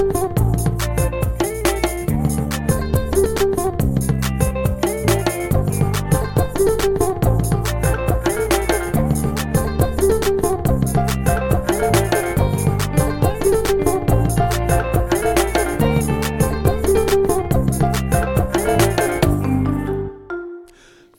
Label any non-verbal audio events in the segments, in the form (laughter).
Thank you.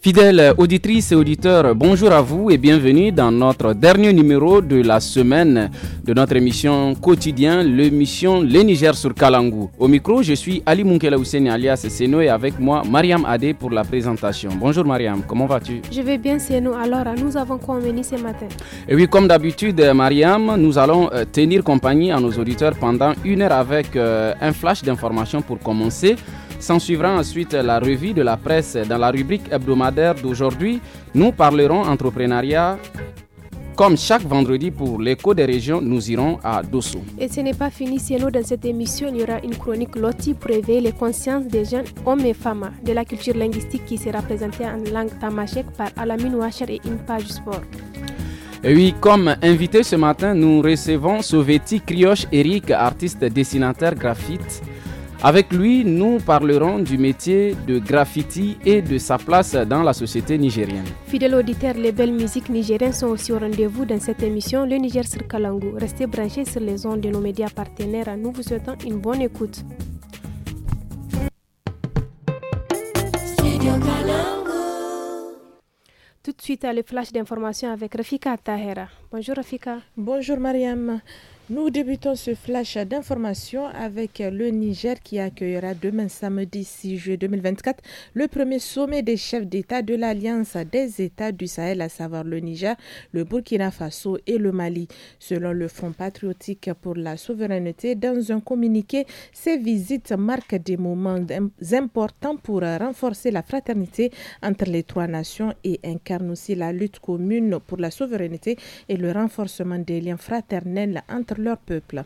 Fidèles auditrices et auditeurs, bonjour à vous et bienvenue dans notre dernier numéro de la semaine de notre émission quotidienne, l'émission Les Niger sur Kalangou. Au micro, je suis Ali Munkela alias Seno et avec moi Mariam Adé pour la présentation. Bonjour Mariam, comment vas-tu Je vais bien Seno, alors nous avons quoi en ce matin Et oui, comme d'habitude Mariam, nous allons euh, tenir compagnie à nos auditeurs pendant une heure avec euh, un flash d'informations pour commencer. S'ensuivra ensuite la revue de la presse. Dans la rubrique hebdomadaire d'aujourd'hui, nous parlerons entrepreneuriat comme chaque vendredi pour l'écho des régions, nous irons à Dosso. Et ce n'est pas fini, nous dans cette émission, il y aura une chronique loti pour éveiller les consciences des jeunes hommes et femmes de la culture linguistique qui sera présentée en langue tamashek par Alamine Ouachar et une page sport. Et oui, comme invité ce matin, nous recevons Soveti Krioche Eric, artiste dessinateur graphite. Avec lui, nous parlerons du métier de graffiti et de sa place dans la société nigérienne. Fidèle auditeur, les belles musiques nigériennes sont aussi au rendez-vous dans cette émission Le Niger sur Kalangu. Restez branchés sur les ondes de nos médias partenaires. Nous vous souhaitons une bonne écoute. Tout de suite, à le flash d'information avec Rafika Tahera. Bonjour Rafika. Bonjour Mariam. Nous débutons ce flash d'information avec le Niger qui accueillera demain samedi 6 juillet 2024 le premier sommet des chefs d'État de l'Alliance des États du Sahel, à savoir le Niger, le Burkina Faso et le Mali. Selon le Fonds patriotique pour la souveraineté, dans un communiqué, ces visites marquent des moments importants pour renforcer la fraternité entre les trois nations et incarnent aussi la lutte commune pour la souveraineté et le renforcement des liens fraternels entre leur peuple.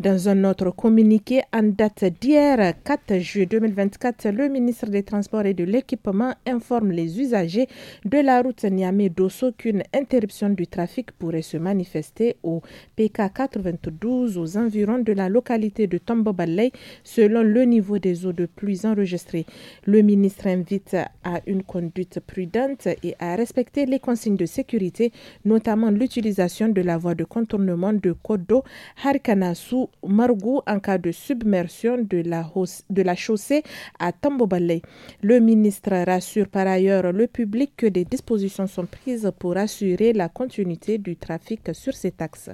Dans un autre communiqué en date d'hier 4 juillet 2024, le ministre des Transports et de l'Équipement informe les usagers de la route Niamey-Dosso qu'une interruption du trafic pourrait se manifester au PK 92 aux environs de la localité de Tombobalei selon le niveau des eaux de pluie enregistrées. Le ministre invite à une conduite prudente et à respecter les consignes de sécurité, notamment l'utilisation de la voie de contournement de Kodo Harkanasu Margot en cas de submersion de la, de la chaussée à Tambobale. Le ministre rassure par ailleurs le public que des dispositions sont prises pour assurer la continuité du trafic sur ces axe.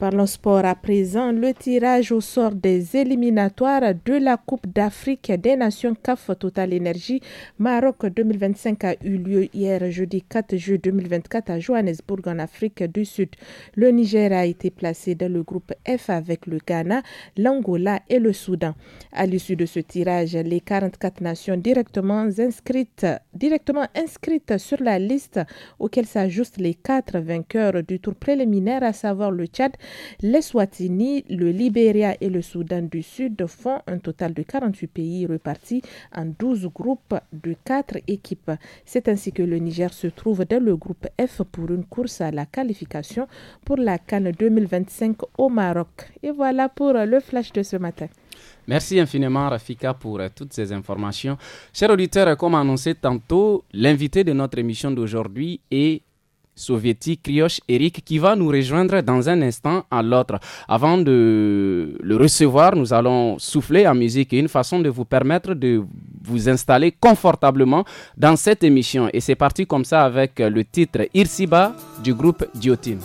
Parlons sport à présent. Le tirage au sort des éliminatoires de la Coupe d'Afrique des Nations CAF Total Energy Maroc 2025 a eu lieu hier jeudi 4 juillet 2024 à Johannesburg en Afrique du Sud. Le Niger a été placé dans le groupe F avec le Ghana, l'Angola et le Soudan. À l'issue de ce tirage, les 44 nations directement inscrites, directement inscrites sur la liste auxquelles s'ajoutent les quatre vainqueurs du tour préliminaire, à savoir le Tchad, les Swatini, le Libéria et le Soudan du Sud font un total de 48 pays repartis en 12 groupes de 4 équipes. C'est ainsi que le Niger se trouve dans le groupe F pour une course à la qualification pour la Cannes 2025 au Maroc. Et voilà pour le flash de ce matin. Merci infiniment Rafika pour euh, toutes ces informations. Chers auditeurs, comme annoncé tantôt, l'invité de notre émission d'aujourd'hui est soviétique Crioche Eric qui va nous rejoindre dans un instant à l'autre. Avant de le recevoir, nous allons souffler en musique une façon de vous permettre de vous installer confortablement dans cette émission. Et c'est parti comme ça avec le titre Irsiba du groupe Diotine.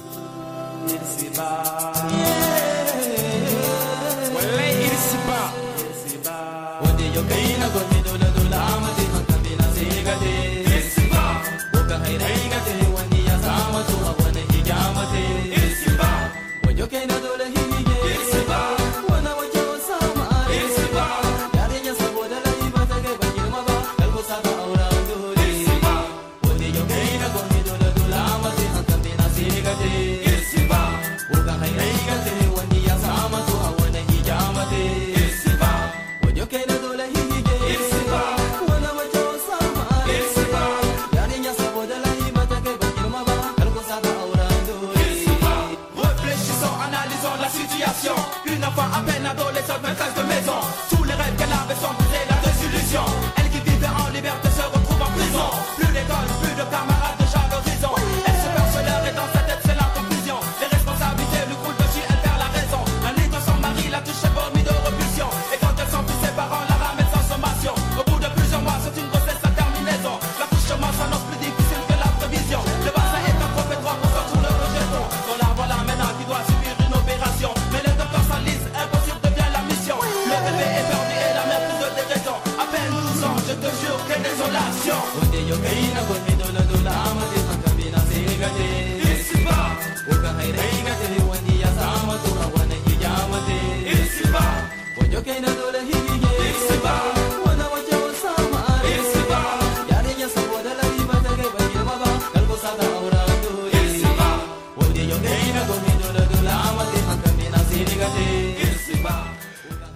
de al qu'elle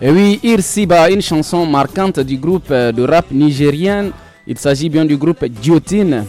Et oui, Irsiba, une chanson marquante du groupe euh, de rap nigérien. Il s'agit bien du groupe Diotine.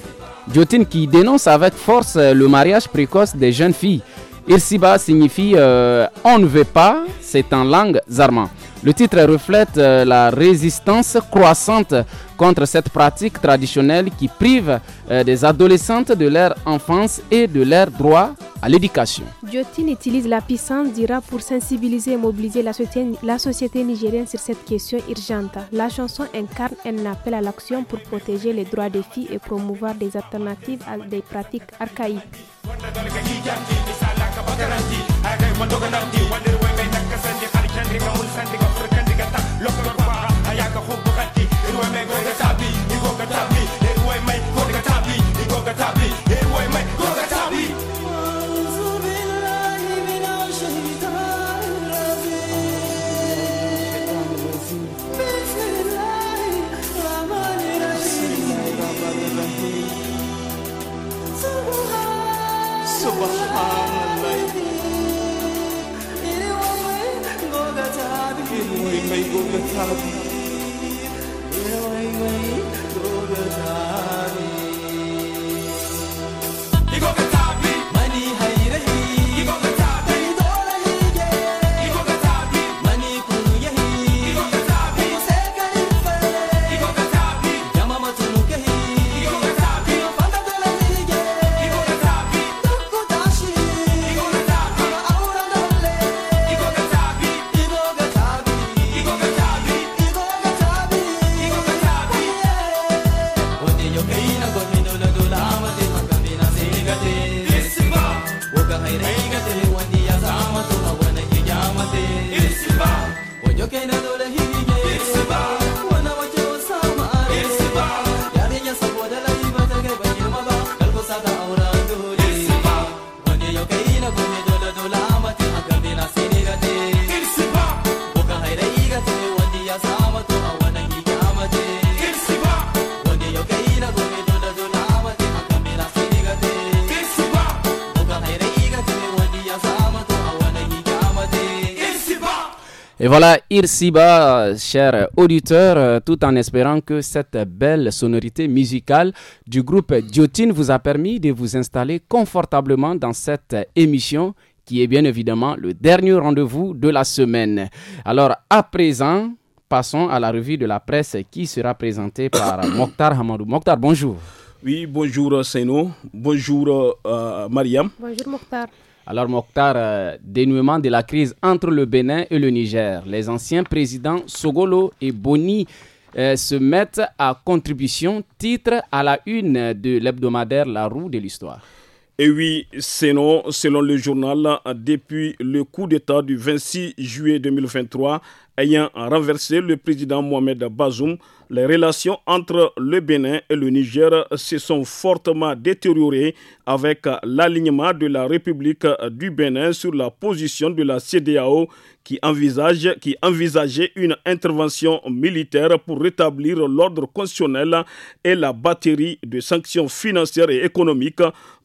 Diotine qui dénonce avec force euh, le mariage précoce des jeunes filles. Irsiba signifie euh, on ne veut pas, c'est en langue zarma. Le titre reflète euh, la résistance croissante contre cette pratique traditionnelle qui prive euh, des adolescentes de leur enfance et de leur droit à l'éducation. Diotine utilise la puissance du rap pour sensibiliser et mobiliser la société, la société nigérienne sur cette question urgente. La chanson incarne un appel à l'action pour protéger les droits des filles et promouvoir des alternatives à des pratiques archaïques. 因为，因为，我的他，因为，因为，我的他。Merci chers auditeurs, euh, tout en espérant que cette belle sonorité musicale du groupe Diotine vous a permis de vous installer confortablement dans cette émission qui est bien évidemment le dernier rendez-vous de la semaine. Alors à présent, passons à la revue de la presse qui sera présentée par (coughs) Mokhtar Hamadou. Mokhtar, bonjour. Oui, bonjour Seno. Bonjour euh, Mariam. Bonjour Mokhtar. Alors Mokhtar, euh, dénouement de la crise entre le Bénin et le Niger. Les anciens présidents Sogolo et Boni euh, se mettent à contribution, titre à la une de l'hebdomadaire La Roue de l'Histoire. Et oui, sinon, selon le journal, depuis le coup d'État du 26 juillet 2023, ayant renversé le président Mohamed Bazoum, les relations entre le Bénin et le Niger se sont fortement détériorées avec l'alignement de la République du Bénin sur la position de la CDAO qui, qui envisageait une intervention militaire pour rétablir l'ordre constitutionnel et la batterie de sanctions financières et économiques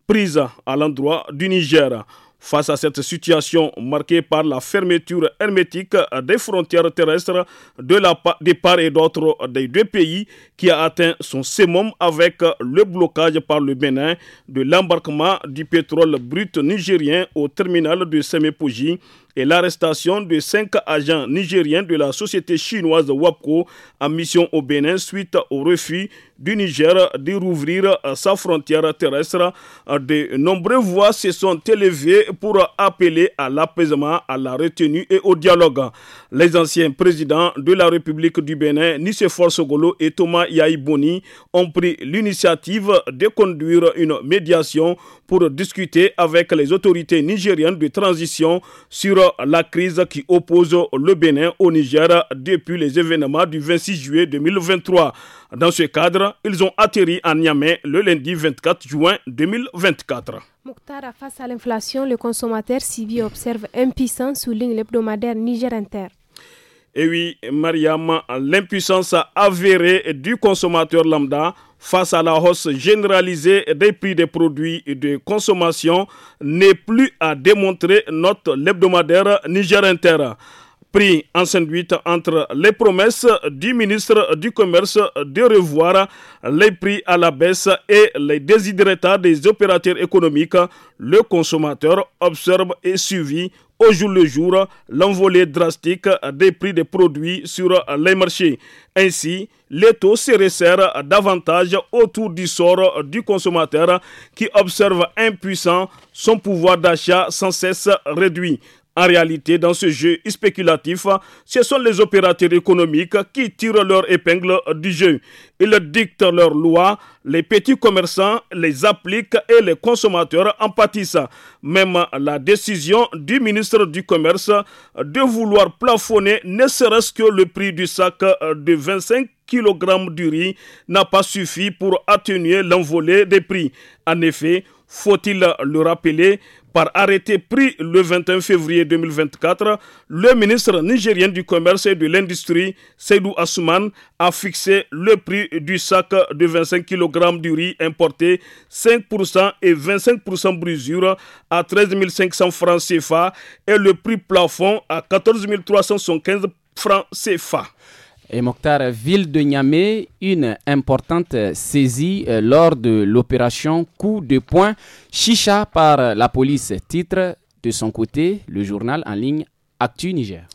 prise à l'endroit du Niger. Face à cette situation marquée par la fermeture hermétique des frontières terrestres de la, des parts et d'autres des deux pays qui a atteint son summum avec le blocage par le Bénin de l'embarquement du pétrole brut nigérien au terminal de Semepoji et l'arrestation de cinq agents nigériens de la société chinoise WAPCO en mission au Bénin suite au refus du Niger de rouvrir euh, sa frontière terrestre. Euh, de nombreuses voix se sont élevées pour appeler à l'apaisement, à la retenue et au dialogue. Les anciens présidents de la République du Bénin, Force Golo et Thomas Yaïboni, ont pris l'initiative de conduire une médiation pour discuter avec les autorités nigériennes de transition sur la crise qui oppose le Bénin au Niger depuis les événements du 26 juillet 2023. Dans ce cadre, ils ont atterri à Niamey le lundi 24 juin 2024. Mokhtar, face à l'inflation, le consommateur civil observe impuissant, souligne l'hebdomadaire Niger Inter. Et oui, Mariam, l'impuissance avérée du consommateur lambda face à la hausse généralisée des prix des produits de consommation n'est plus à démontrer, note l'hebdomadaire Niger Inter pris en sandwich entre les promesses du ministre du Commerce de revoir les prix à la baisse et les désidératas des opérateurs économiques, le consommateur observe et suit au jour le jour l'envolée drastique des prix des produits sur les marchés. Ainsi, les taux se resserrent davantage autour du sort du consommateur qui observe impuissant son pouvoir d'achat sans cesse réduit. En réalité, dans ce jeu spéculatif, ce sont les opérateurs économiques qui tirent leur épingle du jeu. Ils dictent leurs lois, les petits commerçants les appliquent et les consommateurs en pâtissent. Même la décision du ministre du Commerce de vouloir plafonner ne serait-ce que le prix du sac de 25 kg du riz n'a pas suffi pour atténuer l'envolée des prix. En effet, faut-il le rappeler, par arrêté pris le 21 février 2024, le ministre nigérien du Commerce et de l'Industrie, Seydou Assouman, a fixé le prix du sac de 25 kg du riz importé 5% et 25% brisure à 13 500 francs CFA et le prix plafond à 14 315 francs CFA. Et Mokhtar, ville de Niamey, une importante saisie euh, lors de l'opération coup de poing Chicha par la police. Titre de son côté, le journal en ligne Actu Niger.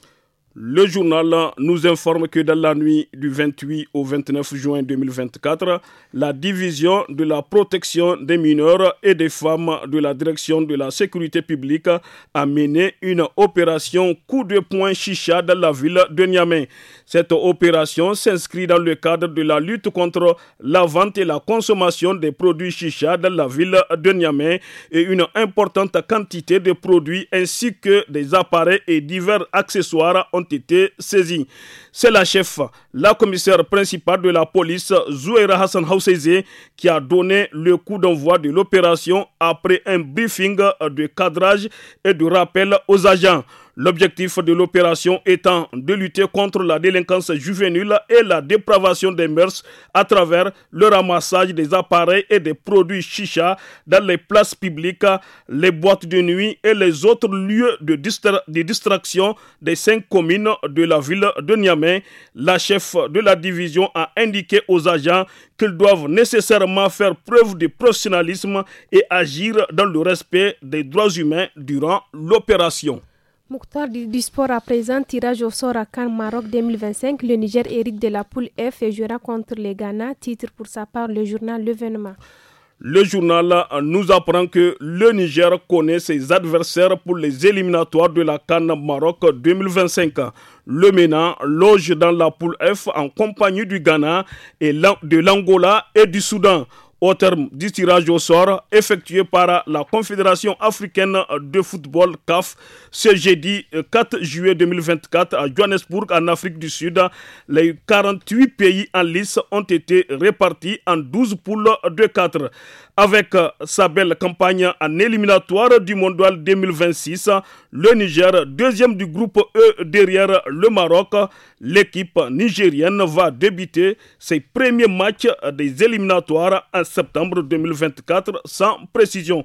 Le journal nous informe que dans la nuit du 28 au 29 juin 2024, la division de la protection des mineurs et des femmes de la direction de la sécurité publique a mené une opération coup de poing chicha dans la ville de Niamey. Cette opération s'inscrit dans le cadre de la lutte contre la vente et la consommation des produits chicha dans la ville de Niamey et une importante quantité de produits ainsi que des appareils et divers accessoires ont été saisis. C'est la chef, la commissaire principale de la police, Zouera Hassan Housseize, qui a donné le coup d'envoi de l'opération après un briefing de cadrage et de rappel aux agents. L'objectif de l'opération étant de lutter contre la délinquance juvénile et la dépravation des mœurs à travers le ramassage des appareils et des produits chicha dans les places publiques, les boîtes de nuit et les autres lieux de, distraction des cinq communes de la ville de Niamey. La chef de la division a indiqué aux agents qu'ils doivent nécessairement faire preuve de professionnalisme et agir dans le respect des droits humains durant l'opération. Mouktar du, sport à présent, tirage au sort à Cannes Maroc 2025. Le Niger hérite de la poule F et jouera contre les Ghana. Titre pour sa part le journal L'Événement. Le journal nous apprend que le Niger connaît ses adversaires pour les éliminatoires de la Cannes Maroc 2025. Le MENA loge dans la poule F en compagnie du Ghana et de l'Angola et du Soudan au terme du tirage au sort effectué par la Confédération africaine de football CAF ce jeudi 4 euh, juillet 2024 à Johannesburg en Afrique du Sud. Les 48 pays en lice ont été répartis en 12 poules de 4. Avec euh, sa belle campagne en éliminatoire du Mondial 2026, le Niger, deuxième du groupe E derrière le Maroc, l'équipe nigérienne va débuter ses premiers matchs des éliminatoires en septembre 2024 sans précision.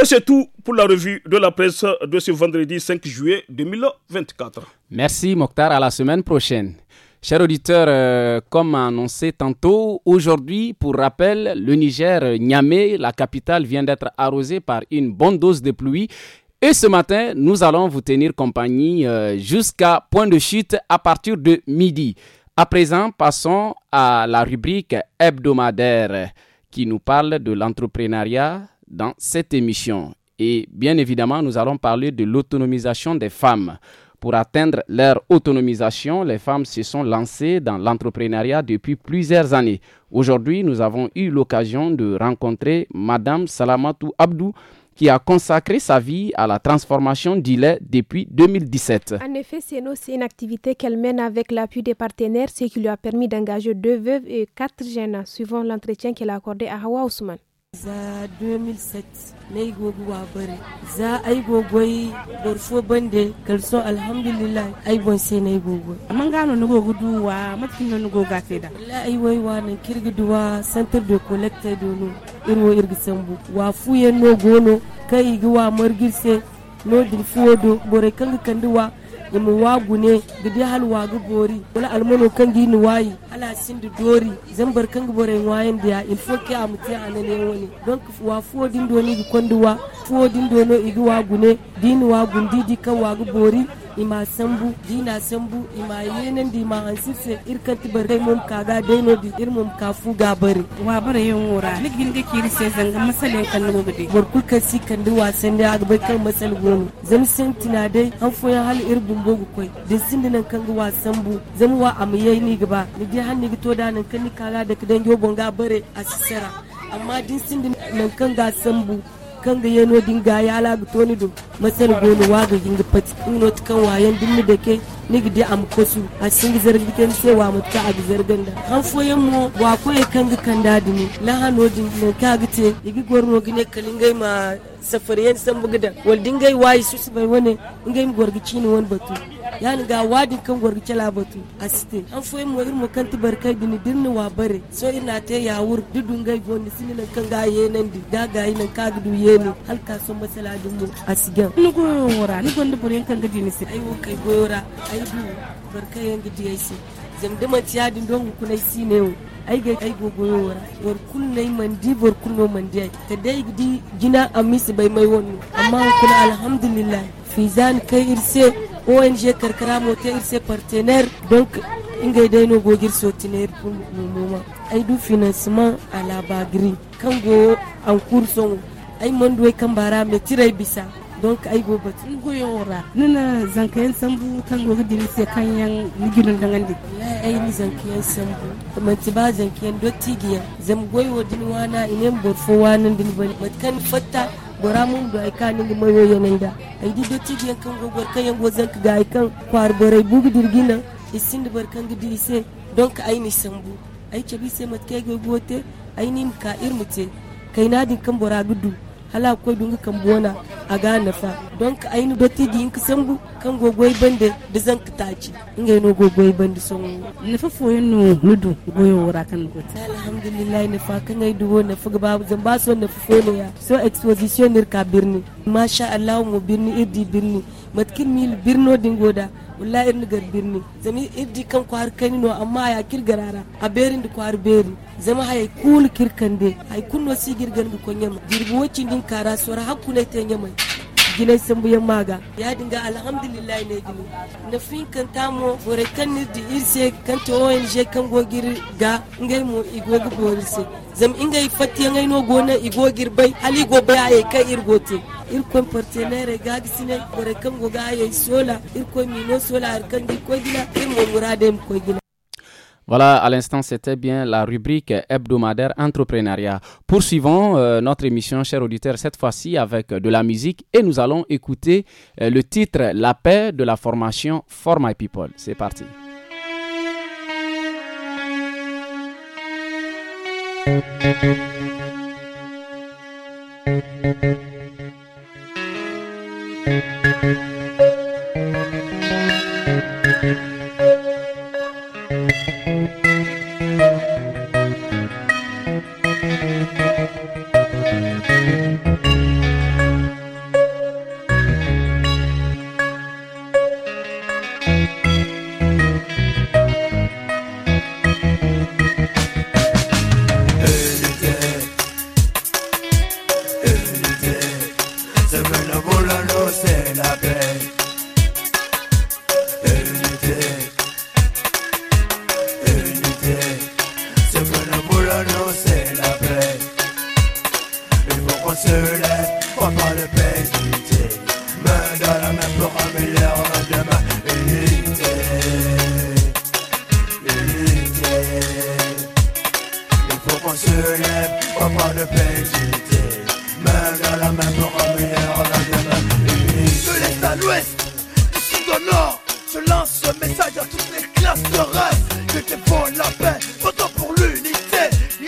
Et c'est tout pour la revue de la presse de ce vendredi 5 juillet 2024. Merci Mokhtar, à la semaine prochaine. Chers auditeurs, euh, comme annoncé tantôt, aujourd'hui, pour rappel, le Niger, Niamey, la capitale, vient d'être arrosée par une bonne dose de pluie. Et ce matin, nous allons vous tenir compagnie euh, jusqu'à point de chute à partir de midi. À présent, passons à la rubrique hebdomadaire qui nous parle de l'entrepreneuriat dans cette émission. Et bien évidemment, nous allons parler de l'autonomisation des femmes. Pour atteindre leur autonomisation, les femmes se sont lancées dans l'entrepreneuriat depuis plusieurs années. Aujourd'hui, nous avons eu l'occasion de rencontrer Madame Salamatou Abdou, qui a consacré sa vie à la transformation du lait depuis 2017. En effet, c'est une activité qu'elle mène avec l'appui des partenaires, ce qui lui a permis d'engager deux veuves et quatre jeunes, suivant l'entretien qu'elle a accordé à Hawa Ousmane. za 2007 na yi goguwa bare za yi gogoyi borfo bande kalso alhamdulillah ai bon sai na yi gogo amma gano ni gogo duwa matkin nan goga sai da wallahi wai wa nan duwa center de collecte dono irwo irgi sambu wa fuye no gono kai giwa margirse no dirfuwo do bore kanga kanduwa mu wagune da dai hal wagu bori wala almano kan gi ni wayi ala sindu dori zambar kan gi bore wayan da il faut que am ti anane woni donc wa fo din doni gi konduwa fo din dono igi wagune din wagun didi kan wagu bori ima sambu dina sambu ima yenen di ma an sifse irkan tibar ka ga kaga no di ka kafu ga bari wa bare yin wura ligin da kiri sai zanga masale kan nugu dai bor ka si kan da wasan da aga bai kan masal gonu zam sentina dai an foya hal irbun bogu koi da sindinan kan ga wasan bu zam wa amiyai ni gaba ni dai hanni gito da nan kan ni kaga da kidan jobon ga bare a sisara amma din sindin nan kan ga sambu kanga yeno dinga ya lagu toni do masal gonu ga ginga pati ino tukan wayan din da ke ni gidi am kosu a singi zargitan se wa mutka a zargan da han foyen mu wa ko e kanga da dini la hano din no kagite igi gorno gine kalingai ma safariyan san bugda wal dingai wayi su bai wane ngai gorgi ni won batu yani ga wadi kan gorgice labatu asite an foyi mo irin kan tibarkai dini dinni wa bare so ina te ya wur dudun gai goni sini nan kan gaye nan di da gaye nan ka gudu yeni hal ka so masala dum mu sigan ni go wora ni gonde ndubure kan gidi ni sai ayo wo kai goyora ai du barkai yan gidi ai dama tiya din don nai sine wo aiga ai gogoyo wara war kulnai mandi war kulno mandi ta dai gidi gina amisi bai mai wonu amma kuna alhamdulillah fizan kai irse ONG Karkara Moteur ses partenaire. Donc, Ingedeno Bogir soutenir pour le moment. ay du financement à la bagri. Quand en cours, mais donc ay go bat nana zankayen sambu kango se ay ni zankayen sambu zankayen do tigiya zam goy wodin wana inen bor fo bora mun do ay kanin ga mayo yanan ay di do ti gen kan gogor kan yango zan ka ay kan kwar borai bugu dirgina isin da barkan ga dirise don ay ni sambu ay ke bi se mat kai gogote ay nim ka irmute kai nadin kan bora gudu hala ko dunga kan bona a gane fa don ka aini dotti di ka bu kan gogoi bande da zan ka taci inga no gogoi bande son na fa fo no nudu goyo wura kan ko alhamdulillah na fa kan ai duwo na fuga babu zan ba son na fa fo ya so exposition ka birni masha Allah mu birni idi birni matkin mil birno dingoda wallahi irin gar birni zami irdi kan ko har kanino amma ya kirgarara a berin da kwar har beri zama hay kul kirkande hay kunno sigir garbi ko nyama dirbu wacin din kara sora hakkunai te nyama gine bu yan maga ya dinga alhamdulillah ne gini na fin kan tamo bore kan ni di irse kan to ONG kan gogir ga ngai mo igogi borirse zam ingai fatti ngai no gona igogir bai ali go bai ay kai irgote Voilà, à l'instant, c'était bien la rubrique hebdomadaire entrepreneuriat. Poursuivons euh, notre émission, chers auditeurs, cette fois-ci avec euh, de la musique et nous allons écouter euh, le titre La paix de la formation For My People. C'est parti. thank you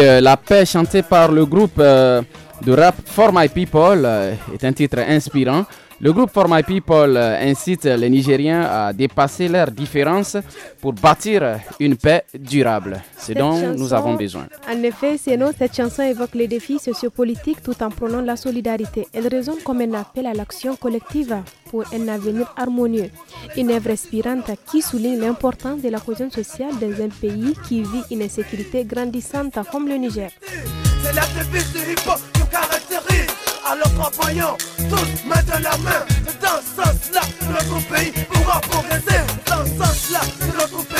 Euh, La paix chantée par le groupe euh, de rap For My People euh, est un titre inspirant le groupe For My People euh, incite les Nigériens à dépasser leurs différences pour bâtir une paix durable. C'est dont nous avons besoin. En effet, cette chanson évoque les défis sociopolitiques tout en prônant la solidarité. Elle résonne comme un appel à l'action collective pour un avenir harmonieux. Une œuvre inspirante qui souligne l'importance de la cohésion sociale dans un pays qui vit une insécurité grandissante comme le Niger. C'est alors travaillons tous mettent la main. Dans ce sens-là, notre pays pourra progresser. Dans ce sens-là, notre pays.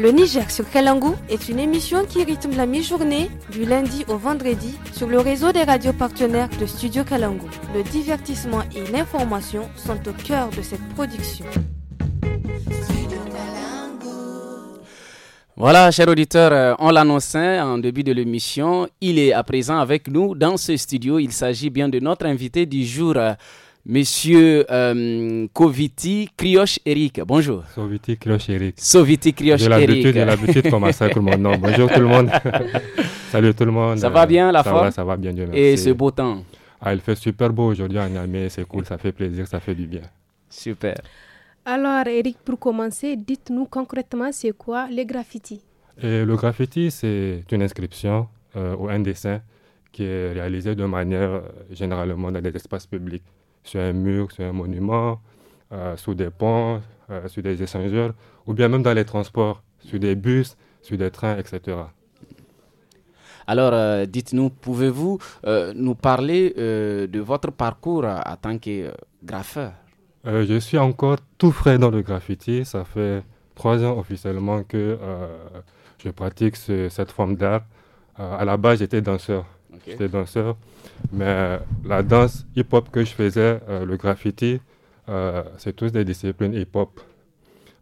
Le Niger sur Kalangou est une émission qui rythme la mi-journée du lundi au vendredi sur le réseau des radios partenaires de Studio Kalango. Le divertissement et l'information sont au cœur de cette production. Voilà, chers auditeurs, euh, on l'annonçait en début de l'émission. Il est à présent avec nous dans ce studio. Il s'agit bien de notre invité du jour. Euh, Monsieur Coviti euh, Crioche Eric. Bonjour. Soviti Crioche Eric. Soviti Crioche Eric. J'ai l'habitude l'habitude, qu'on tout mon nom. Bonjour tout le monde. (laughs) Salut tout le monde. Ça va bien la ça va, Ça va bien, Dieu merci. Et ce beau temps Ah, il fait super beau aujourd'hui en Amérique, C'est cool, ça fait plaisir, ça fait du bien. Super. Alors, Eric, pour commencer, dites-nous concrètement c'est quoi les graffitis Le graffiti, c'est une inscription euh, ou un dessin qui est réalisé de manière euh, généralement dans des espaces publics sur un mur, sur un monument, euh, sous des ponts, euh, sur des échangeurs, ou bien même dans les transports, sur des bus, sur des trains, etc. Alors, euh, dites-nous, pouvez-vous nous parler de votre parcours en tant que graffeur Je suis encore tout frais dans le graffiti. Ça fait trois ans officiellement que je pratique cette forme d'art. à la base, j'étais danseur. J'étais danseur. Mais la danse hip-hop que je faisais, euh, le graffiti, euh, c'est tous des disciplines hip-hop.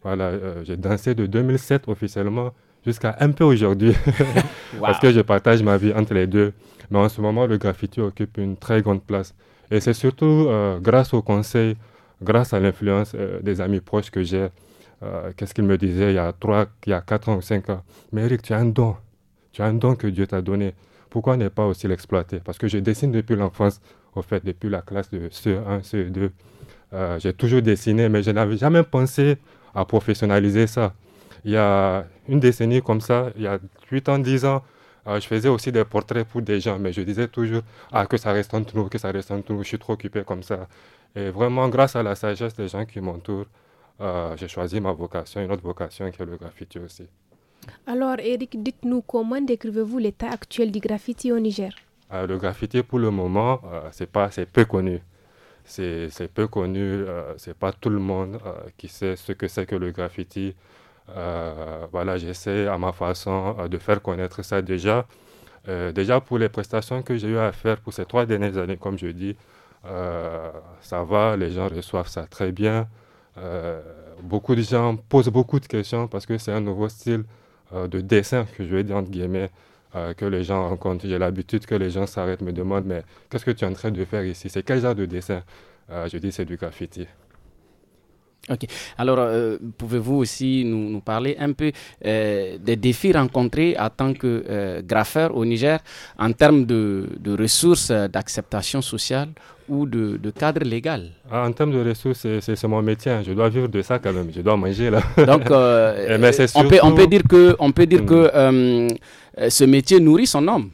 Voilà, euh, j'ai dansé de 2007 officiellement jusqu'à un peu aujourd'hui, (laughs) parce que je partage ma vie entre les deux. Mais en ce moment, le graffiti occupe une très grande place. Et c'est surtout grâce aux conseils, grâce à l'influence des amis proches que j'ai. Qu'est-ce qu'ils me disaient il y a 3, il y a 4 ans ou 5 ans Mais Eric, tu as un don. Tu as un don que Dieu t'a donné pourquoi ne pas aussi l'exploiter Parce que je dessine depuis l'enfance, au fait, depuis la classe de CE1, CE2. Euh, j'ai toujours dessiné, mais je n'avais jamais pensé à professionnaliser ça. Il y a une décennie comme ça, il y a 8 ans, 10 ans, euh, je faisais aussi des portraits pour des gens, mais je disais toujours ah, que ça reste un nous, que ça reste un nous, je suis trop occupé comme ça. Et vraiment, grâce à la sagesse des gens qui m'entourent, euh, j'ai choisi ma vocation, une autre vocation qui est le graffiti aussi. Alors Eric, dites-nous comment décrivez-vous l'état actuel du graffiti au Niger euh, Le graffiti pour le moment, euh, c'est peu connu. C'est peu connu, euh, c'est pas tout le monde qui sait ce que c'est que le graffiti. voilà, j'essaie à ma façon de faire connaître ça déjà. déjà pour les prestations que j'ai eu à faire pour ces trois dernières années, comme je dis, ça va, les gens reçoivent ça très bien. beaucoup de gens posent beaucoup de questions parce que c'est un nouveau style. Euh, de dessin, que je vais dire entre guillemets, euh, que les gens rencontrent. J'ai l'habitude que les gens s'arrêtent, me demandent, mais qu'est-ce que tu es en train de faire ici C'est quel genre de dessin euh, Je dis, c'est du graffiti. Ok. Alors, pouvez-vous aussi nous, parler un peu des défis rencontrés en tant que graffeur au Niger en termes de, de ressources d'acceptation sociale ou de, de cadre légal ah, En termes de ressources, c'est mon métier. Hein. Je dois vivre de ça quand même. Je dois manger là. Donc, euh, (laughs) eh, on, peut, on peut dire que, on peut dire que hmm. euh, ce métier nourrit son homme.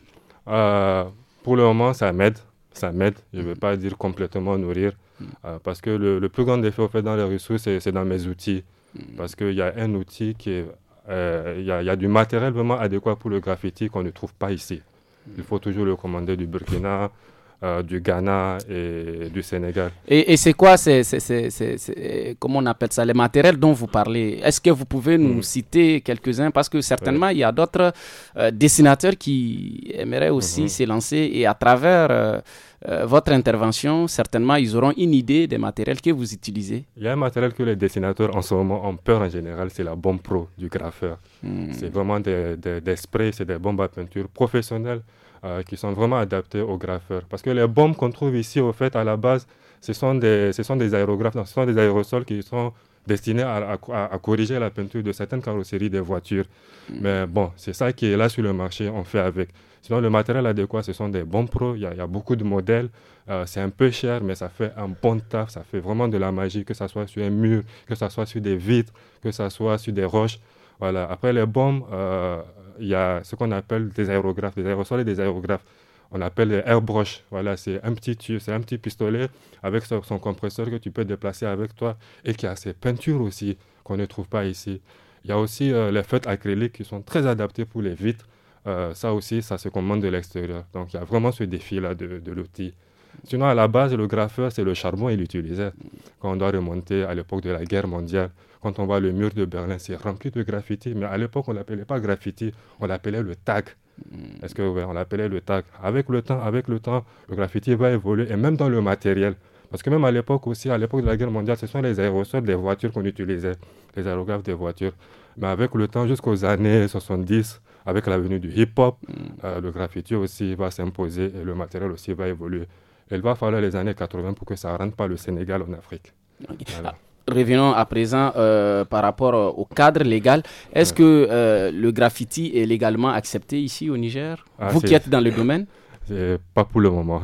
Euh, pour le moment, ça m'aide. Ça m'aide. Je ne veux pas dire complètement nourrir. Hmm. parce que le, le, plus grand défaut fait, dans les ressources, c'est dans mes outils. Hmm. Parce qu'il y a un outil qui est. Il y, a, y a du matériel vraiment adéquat pour le graffiti qu'on ne trouve pas ici. Il faut toujours le commander du Burkina euh, du Ghana et du Sénégal. Et, c'est quoi, c'est, comment on appelle ça, les matériels dont vous parlez Est-ce que vous pouvez nous mm. citer quelques-uns Parce que certainement, il y a d'autres euh, dessinateurs qui aimeraient aussi mmh. s'élancer et à travers... Euh, votre intervention, certainement, ils auront une idée des matériels que vous utilisez. Il y a un matériel que les dessinateurs en ce moment ont peur en général, c'est la bombe pro du graffeur. Mm. C'est vraiment des, des sprays, c'est des bombes à peinture professionnelles euh, qui sont vraiment adaptés aux graffeurs. Parce que les bombes qu'on trouve ici, au fait, à la base, ce sont des, ce sont des aérographes, ce sont des aérosols qui sont destinés à, à, corriger la peinture de certaines carrosseries des voitures. Mm. Mais bon, c'est ça qui est là sur le marché, on fait avec. Sinon, le matériel adéquat, ce sont des bombes pro. il y, a beaucoup de modèles, euh, c'est un peu cher, mais ça fait un bon taf, ça fait vraiment de la magie, que ce soit sur un mur, que ce soit sur des vitres, que ce soit sur des roches. Voilà. Après, les bombes, euh, il y a ce qu'on appelle des aérographes, des aérosols et des aérographes. On appelle airbrush. Voilà, c'est un petit c'est un petit pistolet avec son, compresseur que tu peux déplacer avec toi et qui a ses peintures aussi qu'on ne trouve pas ici. Il y a aussi euh, les feutres acryliques qui sont très adaptés pour les vitres. Euh, ça aussi, ça se commande de l'extérieur. Donc il y a vraiment ce défi-là de, de l'outil. Sinon, à la base, le graffeur, c'est le charbon qu'il utilisait quand on doit remonter à l'époque de la guerre mondiale. Quand on voit le mur de Berlin, c'est rempli de graffiti, mais à l'époque, on ne l'appelait pas graffiti, on l'appelait le tag. Hmm. Est-ce que voyez on l'appelait le tag Avec le temps, avec le temps, le graffiti va évoluer, et même dans le matériel. Parce que même à l'époque aussi, à l'époque de la guerre mondiale, ce sont les aérosols des voitures qu'on utilisait, les aérographes des voitures. Mais avec le temps, jusqu'aux années 70, avec la venue du hip-hop, hmm. euh, le graffiti aussi va s'imposer et le matériel aussi va évoluer. Il va falloir les années 80 pour que ça ne rentre pas le Sénégal en Afrique. Ah, revenons à présent euh, par rapport euh, au cadre légal. Est-ce que euh, le graffiti est légalement accepté ici au Niger ah, Vous qui êtes dans le domaine Pas pour le moment.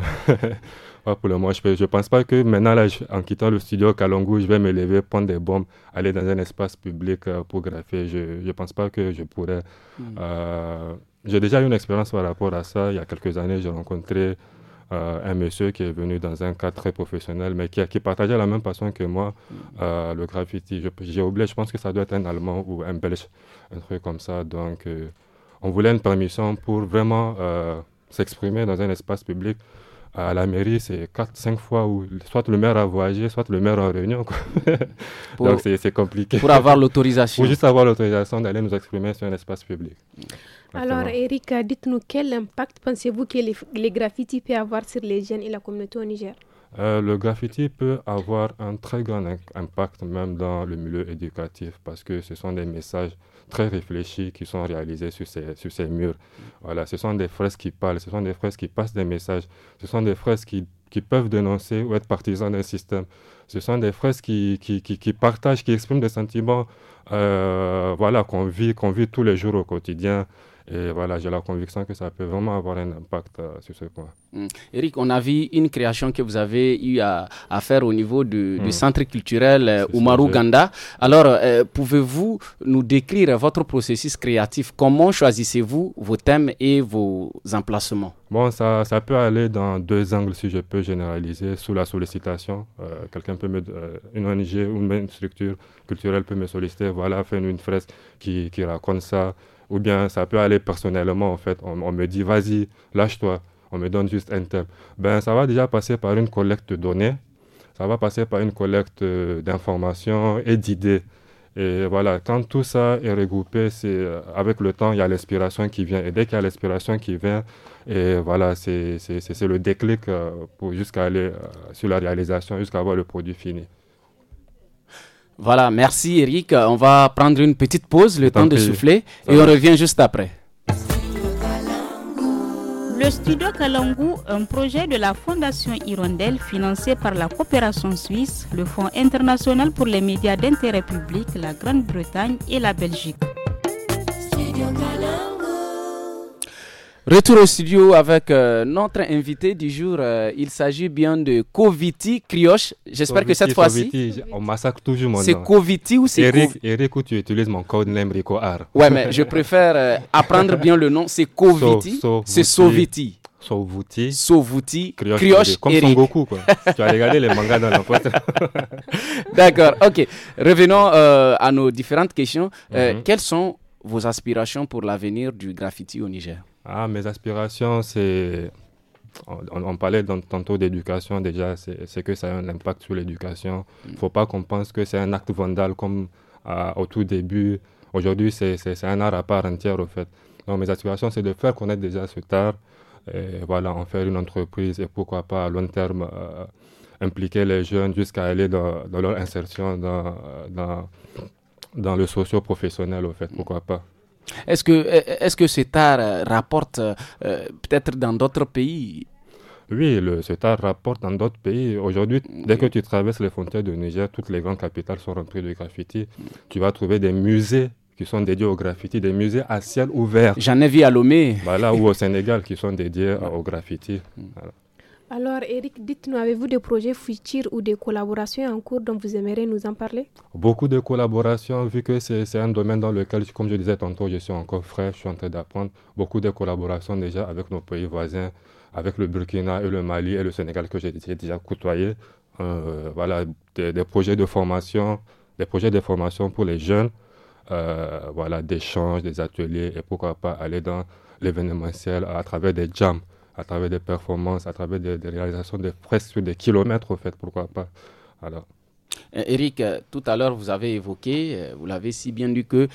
(laughs) pas pour le moment. Je ne pense pas que maintenant, en quittant le studio Kalongo, je vais me lever, prendre des bombes, aller dans un espace public pour graffer. Je ne pense pas que je pourrais. Hmm. J'ai déjà eu une expérience par rapport à ça. Il y a quelques années, j'ai rencontré euh, un monsieur qui est venu dans un cadre très professionnel, mais qui, qui partageait la même passion que moi, mm. euh, le graffiti. J'ai oublié, je pense que ça doit être un Allemand ou un Belge, un truc comme ça. Donc, euh, on voulait une permission pour vraiment s'exprimer dans un espace public à la mairie, c'est 4-5 fois où soit le maire a voyagé, soit le maire en réunion. (laughs) Donc c'est compliqué. Pour avoir l'autorisation. Pour (laughs) juste avoir l'autorisation d'aller nous exprimer sur un espace public. Mm. Alors, Erika, dites-nous quel impact pensez-vous que les, graffitis peuvent avoir sur les jeunes et la communauté au Niger euh, le graffiti peut avoir un très grand impact même dans le milieu éducatif parce que ce sont des messages très réfléchis qui sont réalisés sur ces, sur ces murs. Voilà, ce sont des fresques qui parlent, ce sont des fresques qui passent des messages, ce sont des fresques qui, peuvent dénoncer ou être partisans d'un système. Ce sont des fresques qui, partagent, qui expriment des sentiments euh, voilà, qu'on vit, qu'on vit tous les jours au quotidien et voilà, j'ai la conviction que ça peut vraiment avoir un impact euh, sur ce point. Mm. Eric, on a vu une création que vous avez eu à, faire au niveau du, mm. centre culturel euh, Ganda. Alors, euh, pouvez-vous nous décrire votre processus créatif Comment choisissez-vous vos thèmes et vos emplacements Bon, ça, ça, peut aller dans deux angles, si je peux généraliser. Sous la sollicitation, euh, quelqu'un peut me, une ONG ou une structure culturelle peut me solliciter, voilà, faire une fresque qui, qui raconte ça. Ou bien ça peut aller personnellement, en fait. On, me dit, vas-y, lâche-toi. On me donne juste un thème. Ben, ça va déjà passer par une collecte de données. Ça va passer par une collecte euh, d'informations et d'idées. Et voilà, quand tout ça est regroupé, c'est euh, avec le temps, il y a l'inspiration qui vient. Et dès qu'il y a l'inspiration qui vient, et voilà, c'est le déclic euh, pour jusqu'à aller sur la réalisation, jusqu'à avoir le produit fini. Voilà, merci Eric. On va prendre une petite pause, le temps de souffler, et on revient juste après. Le studio Kalangou, un projet de la Fondation Hirondelle financé par la coopération suisse, le Fonds international pour les médias d'intérêt public, la Grande-Bretagne et la Belgique. Retour au studio avec euh, notre invité du jour. Euh, il s'agit bien de Coviti Crioche. J'espère que cette fois-ci. On massacre toujours mon nom. C'est Coviti ou c'est Eric, Eric, où tu utilises mon code name Rico Art. Ouais, mais je préfère euh, apprendre bien le nom. C'est Coviti. c'est Soviti. Sovuti. Sovuti. Crioche. comme Son Goku, quoi. tu as regardé les mangas dans la l'enquête. (laughs) D'accord, ok. Revenons à nos différentes questions. Mhm. Quelles sont vos aspirations pour l'avenir du graffiti au Niger ah, mes aspirations, c'est. On, parlait tantôt d'éducation déjà, c'est que ça a un impact sur l'éducation. Il mm. ne faut pas qu'on pense que c'est un acte vandal comme au tout début. Aujourd'hui, c'est un art à part entière, au fait. Donc, mes aspirations, c'est de faire connaître déjà ce art, et voilà, en faire une entreprise, et pourquoi pas à long terme euh, impliquer les jeunes jusqu'à aller dans, leur insertion dans, dans, le socio-professionnel, au fait, pourquoi pas. Est-ce que, est -ce que cet art euh, rapporte euh, peut-être dans d'autres pays oui, le art rapporte dans d'autres pays. Aujourd'hui, dès que tu traverses les frontières de Niger, toutes les grandes capitales sont remplies de graffiti. Tu vas trouver des musées qui sont dédiés au graffiti, des musées à ciel ouvert. J'en ai vu à Lomé. Voilà, ou au Sénégal qui sont dédiés au graffiti. Alors Eric, dites-nous, avez-vous des projets futurs ou des collaborations en cours dont vous aimeriez nous en parler Beaucoup de collaborations, vu que c'est un domaine dans lequel, comme je disais tantôt, je suis encore frais, je suis en train d'apprendre. Beaucoup de collaborations déjà avec nos pays voisins, avec le Burkina et le Mali et le Sénégal que j'ai déjà côtoyé. Euh, voilà, des, projets de formation, des projets de formation pour les jeunes, euh, voilà, d'échanges, des ateliers et pourquoi pas aller dans l'événementiel à travers des jams à travers des performances, à travers des, réalisations de presque des kilomètres, au fait, pourquoi pas. Alors, euh, Eric, euh, tout à l'heure, vous avez évoqué, euh, vous l'avez si bien dit que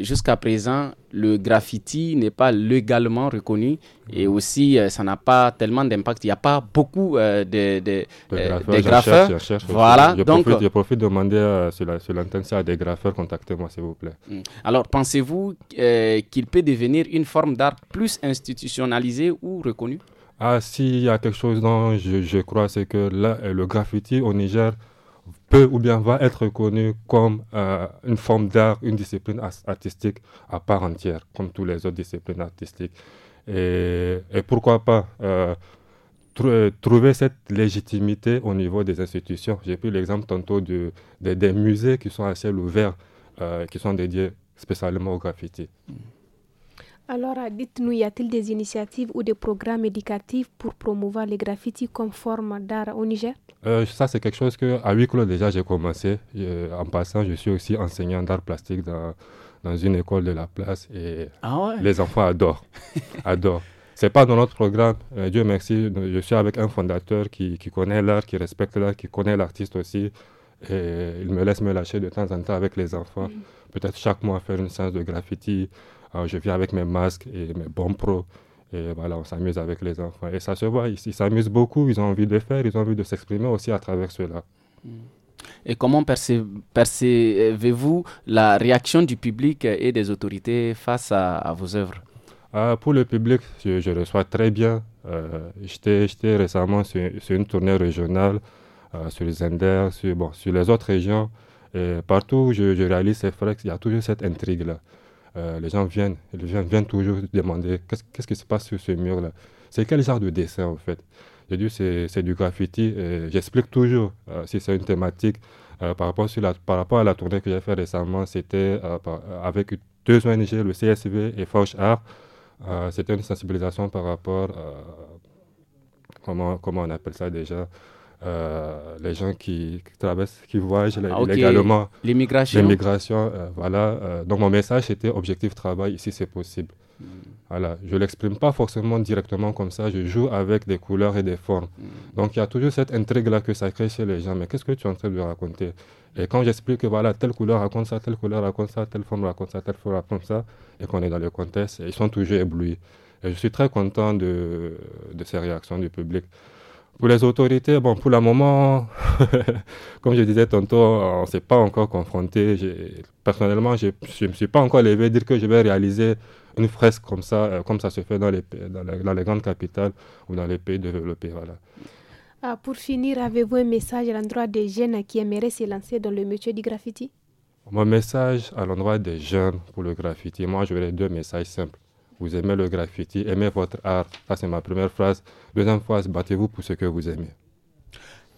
jusqu'à présent, le graffiti n'est pas légalement reconnu et mhm. aussi, ça n'a pas tellement d'impact. Il n'y a pas beaucoup de, de, graffeurs. voilà. Je, donc, profite, de demander à sur l'antenne, à des graffeurs, contactez-moi, s'il vous plaît. Mm. Alors, pensez-vous qu'il peut devenir une forme d'art plus institutionnalisée ou reconnue ah, s'il y a quelque chose dont je, crois, c'est que là, le graffiti au Niger, peut ou bien va être reconnu comme euh, une forme d'art, une discipline artistique à part entière, comme toutes les autres disciplines artistiques. Et, pourquoi pas euh, euh, trouver cette légitimité au niveau des institutions. J'ai pris l'exemple tantôt des musées qui sont à ciel ouvert, qui sont dédiés spécialement au graffiti. Mm. Alors, dites-nous, y a-t-il des initiatives ou des programmes éducatifs pour promouvoir les graffitis comme forme d'art au Niger euh, Ça, c'est quelque chose que, à huis clos, déjà, j'ai commencé. en passant, je suis aussi enseignant d'art plastique dans, dans, une école de la place et ah les enfants adorent. (laughs) adorent. C'est pas dans notre programme. Euh, Dieu merci, je suis avec un fondateur qui, connaît l'art, qui respecte l'art, qui connaît l'artiste aussi. Et il me laisse me lâcher de temps en temps avec les enfants. Peut-être chaque mois faire une séance de graffiti, euh, je viens avec mes masques et mes bons pros. Et voilà, on s'amuse avec les enfants. Et ça se voit, ils s'amusent beaucoup, ils ont envie de faire, ils ont envie de s'exprimer aussi à travers cela. Et comment percevez-vous la réaction du public et des autorités face à, vos œuvres ah, Pour le public, je, le reçois très bien. Euh, j'étais récemment sur, une tournée régionale, euh, sur les Inders, sur, les autres régions. Et partout où je, je réalise ces frais, il y a toujours cette intrigue-là. Euh, les gens viennent, les gens viennent toujours demander qu'est-ce qui se passe sur ce mur-là. C'est quel genre de dessin en fait J'ai dit c'est du graffiti. J'explique toujours euh, si c'est une thématique euh, par, rapport la, par rapport à la tournée que j'ai faite récemment. C'était avec deux ONG, le CSV et Forge Art. c'était une sensibilisation par rapport à comment, comment on appelle ça déjà euh, les gens qui, traversent, qui voyagent ah, légalement, l'immigration, l'immigration, migrations. Euh, voilà. Euh, donc mon message était objectif travail, ici c'est possible. Hmm. Voilà, je ne l'exprime pas forcément directement comme ça, je joue avec des couleurs et des formes. Hmm. Donc il y a toujours cette intrigue-là que ça crée chez les gens, mais qu'est-ce que tu es en train de raconter Et quand j'explique que voilà, telle couleur raconte ça, telle couleur raconte ça, telle forme raconte ça, telle forme raconte ça, et qu'on est dans le contexte, ils sont toujours éblouis. Et je suis très content de, de ces réactions du public. Pour les autorités, bon, pour le moment, (laughs) comme je disais tantôt, on ne s'est pas encore confronté. Personnellement, je ne me suis pas encore levé dire que je vais réaliser une fresque comme ça, euh, comme ça se fait dans les, grandes capitales ou dans les pays développés. Ah, pour finir, avez-vous un message à l'endroit des jeunes qui aimeraient se lancer dans le métier du graffiti Mon message à l'endroit des jeunes pour le graffiti, moi, je deux messages simples vous aimez le graffiti, aimez votre art. Ça, c'est ma première phrase. Deuxième phrase, battez-vous pour ce que vous aimez.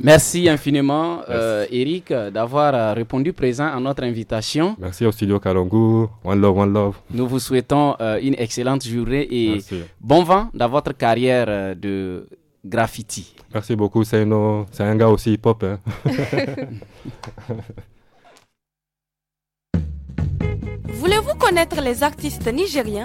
Merci infiniment, euh, Eric, d'avoir euh, répondu présent à notre invitation. Merci au studio Kalongu. One love, one love. Nous vous souhaitons euh, une excellente journée et bon vent dans votre carrière de graffiti. Merci beaucoup, Seino. C'est un gars aussi hip-hop. Hein. (laughs) Voulez-vous connaître les artistes nigériens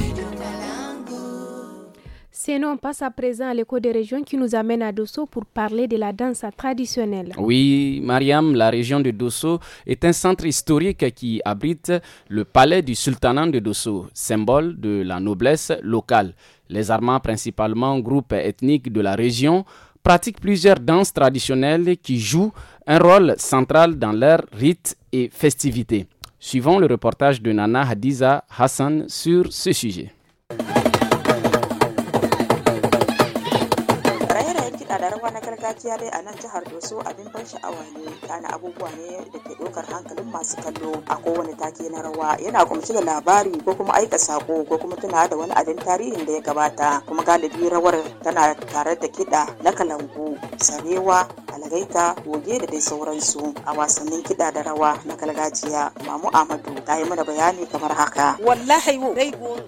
Sinon, on passe à présent à l'écho des régions qui nous amène à Dosso pour parler de la danse traditionnelle. Oui, Mariam, la région de Dosso est un centre historique qui abrite le palais du sultanat de Dosso, symbole de la noblesse locale. Les Armands, principalement groupes ethniques de la région, pratiquent plusieurs danses traditionnelles qui jouent un rôle central dans leurs rites et festivités. Suivons le reportage de Nana Hadiza Hassan sur ce sujet. gargajiya dai a nan jihar Doso abin ban sha'awa ne kana abubuwa ne da ke ɗaukar hankalin masu kallo a kowane take na rawa yana kumshi da labari ko kuma aika sako ko kuma tuna da wani abin tarihin da ya gabata kuma galibi rawar tana tare da kiɗa na kalangu sarewa algaita goge da dai sauransu a wasannin kiɗa da rawa na gargajiya mamu ahmadu ta yi mana bayani kamar haka wallahi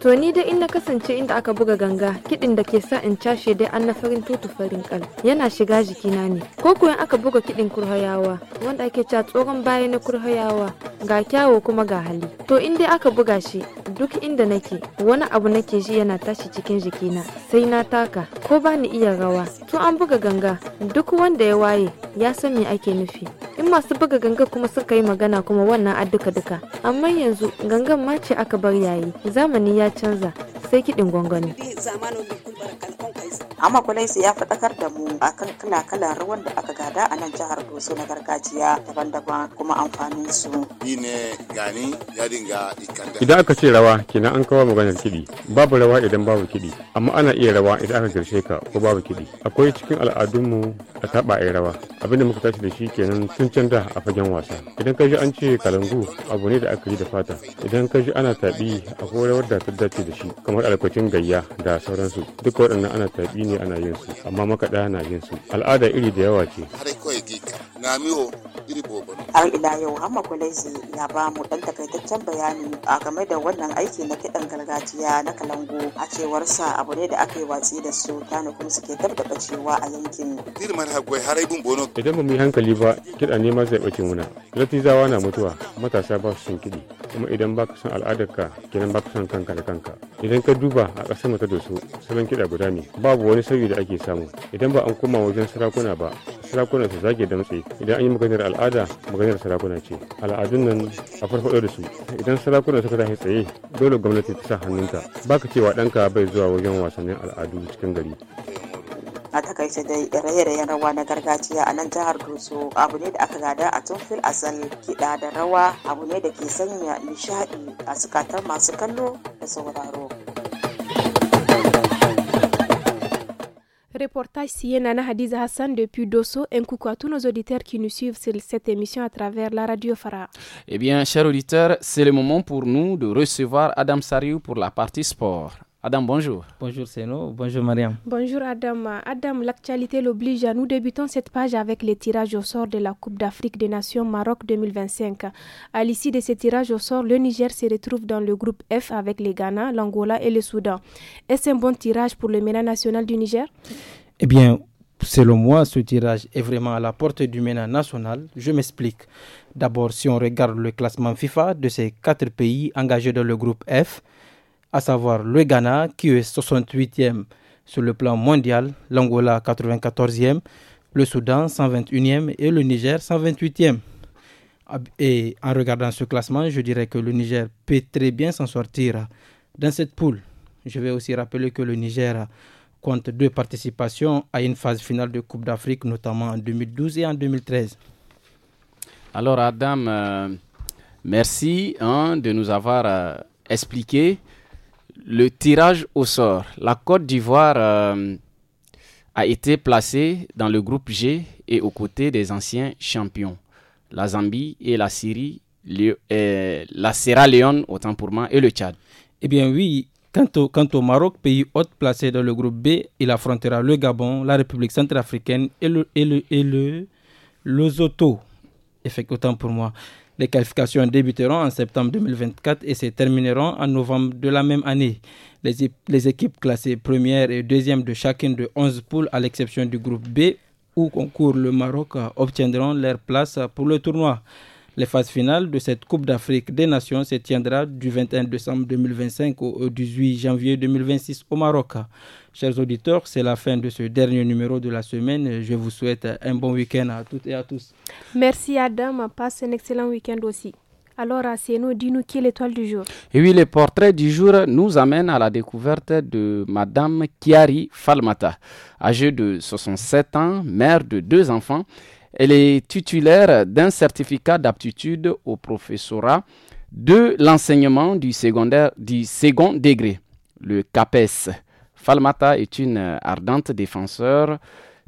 to ni dai in na kasance inda aka buga ganga kiɗin da ke sa in cashe dai an na farin tutu farin kal yana shiga jikina ne ko kuwa aka buga kiɗin kurhayawa wanda ake cewa tsoron baya na kurhayawa ga kyawo kuma ga hali to in dai aka buga shi duk inda nake wani abu nake ji yana tashi cikin jikina sai na taka ko bani iya rawa to an buga ganga duk wanda ya waye ya san me ake nufi in masu buga ganga kuma suka yi magana kuma wannan adduka duka amma yanzu gangan ma ce aka bar yayi zamani ya canza sai kiɗin gwangwani amma su ya faɗakar da mu akan na kalan rawar da aka gada a nan jihar Doso na gargajiya daban-daban kuma amfanin su. Idan aka ce rawa kenan an kawo maganar kiɗi babu rawa idan babu kiɗi amma ana iya rawa idan aka girshe ka ko babu kiɗi akwai cikin al'adunmu a taɓa a rawa abinda muka tashi da shi kenan sun canza a fagen wasa idan ka ji an ce kalangu abu ne da aka yi da fata idan ka ji ana taɓi akwai rawar da ta dace da shi kamar alkwacin gayya da sauransu duk waɗannan ana taɓi ne ana yin su amma makaɗa na yin su al'ada iri da yawa ke har ila yau hamma kwalezi ya ba mu dan takaitaccen bayani a game da wannan aiki na kiɗan gargajiya na kalango a cewar sa abu ne da aka yi watsi da su tana kuma suke tabbata cewa a yankin idan ba mu yi hankali ba kiɗa ne ma zai ɓace muna Latizawa na mutuwa matasa ba su son kiɗi kuma idan ba ka san ka kenan ba ka san kanka da kanka idan ka duba a ƙasar mata da su salon kiɗa guda ne babu wani sauyi da ake samu idan ba an koma wajen sarakuna ba sarakuna su zage damtse idan an yi maganar al'ada maganar sarakuna ce al'adun nan a farfaɗo da su idan sarakuna suka tashi tsaye dole gwamnati ta sa hannunta baka cewa ɗanka bai zuwa wajen wasannin al'adu cikin gari a takaice dai raye-rayen rawa na gargajiya a nan jihar doso abu ne da aka gada a tun fil asal kiɗa da rawa abu ne da ke sanya nishaɗi a zukatan masu kallo da sauraro Reportage Sienana Hadiza Hassan depuis Dosso. Un coucou à tous nos auditeurs qui nous suivent sur cette émission à travers la radio Farah. Eh bien, chers auditeurs, c'est le moment pour nous de recevoir Adam Sariou pour la partie sport. Adam, bonjour. Bonjour Seno, bonjour Mariam. Bonjour Adam. Adam, l'actualité l'oblige. Nous débutons cette page avec les tirages au sort de la Coupe d'Afrique des Nations Maroc 2025. À l'issue de ces tirages au sort, le Niger se retrouve dans le groupe F avec les Ghana, l'Angola et le Soudan. Est-ce un bon tirage pour le MENA national du Niger Eh bien, selon moi, ce tirage est vraiment à la porte du MENA national. Je m'explique. D'abord, si on regarde le classement FIFA de ces quatre pays engagés dans le groupe F, à savoir le Ghana qui est 68e sur le plan mondial, l'Angola 94e, le Soudan 121e et le Niger 128e. Et en regardant ce classement, je dirais que le Niger peut très bien s'en sortir dans cette poule. Je vais aussi rappeler que le Niger compte deux participations à une phase finale de Coupe d'Afrique, notamment en 2012 et en 2013. Alors Adam, euh, merci hein, de nous avoir euh, expliqué le tirage au sort. La Côte d'Ivoire euh, a été placée dans le groupe G et aux côtés des anciens champions. La Zambie et la Syrie, euh, la Sierra Leone, autant pour moi, et le Tchad. Eh bien oui, quant au, Maroc, pays haute placé dans le groupe B, il affrontera le Gabon, la République centrafricaine et le, et Zoto. Effectivement, autant pour moi. Les qualifications débuteront en septembre 2024 et se termineront en novembre de la même année. Les, équipes classées première et deuxième de chacune de 11 poules, à l'exception du groupe B, où concourt le Maroc, obtiendront leur place pour le tournoi. Les phases finales de cette Coupe d'Afrique des Nations se tiendront du 21 décembre 2025 au 18 janvier 2026 au Maroc. Chers auditeurs, c'est la fin de ce dernier numéro de la semaine. Je vous souhaite un bon week-end à toutes et à tous. Merci Adam, passe un excellent week-end aussi. Alors, assieds-nous, dis-nous qui est l'étoile du jour. oui, le portrait du jour nous amène à la découverte de Madame Kiari Falmata, âgée de 67 ans, mère de deux enfants. Elle est titulaire d'un certificat d'aptitude au professorat de l'enseignement du, secondaire, du second degré, le CAPES. Falmata est une ardente défenseur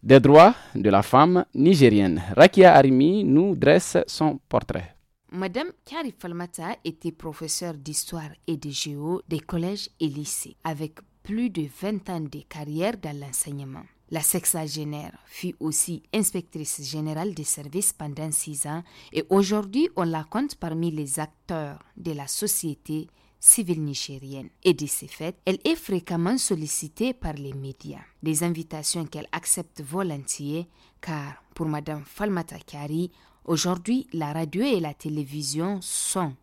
des droits de la femme nigérienne. Rakia Arimi nous dresse son portrait. Madame Kari Falmata était professeure d'histoire et de géo des collèges et lycées, avec plus de 20 ans de carrière dans l'enseignement. La sexagénaire fut aussi inspectrice générale des services pendant six ans et aujourd'hui on la compte parmi les acteurs de la société civile nigérienne. Et de ces faits, elle est fréquemment sollicitée par les médias. Des invitations qu'elle accepte volontiers, car pour Madame Falmatakari, aujourd'hui, la radio et la télévision sont